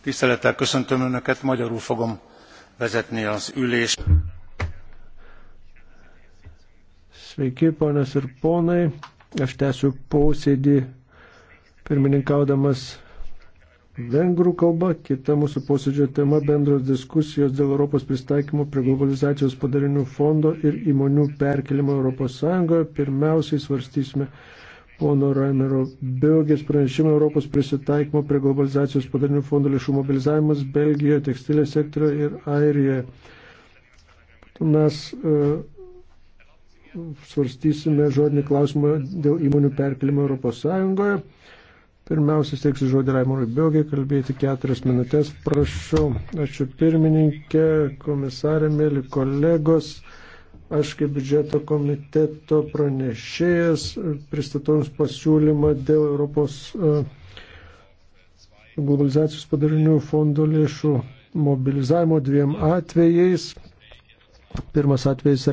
Tisztelettel köszöntöm Önöket, magyarul fogom vezetni az ülést. Sveiki, ponas ir ponai. Aš tęsiu posėdį pirmininkaudamas vengrų kalba. Kita mūsų posėdžio tema - bendros diskusijos dėl Europos pristaikymo prie globalizacijos padarinių fondo ir įmonių perkelimo ES. Pirmiausiai svarstysime pono Raimero Biogės pranešimą Europos prisitaikymo prie globalizacijos padarinių fondo lėšų mobilizavimas Belgijoje, tekstilės sektorioje ir Airijoje. Mes uh, svarstysime žodinį klausimą dėl įmonių perkelimo Europos Sąjungoje. Pirmiausia, steiksiu žodį Raimūrui Bilgai, kalbėti keturias minutės. Prašau, ačiū pirmininkė, komisarė, mėly kolegos. Aš kaip biudžeto komiteto pranešėjas pristatau Jums pasiūlymą dėl Europos e, globalizacijos padarinių fondo lėšų mobilizavimo dviem atvejais. Pirmas atvejis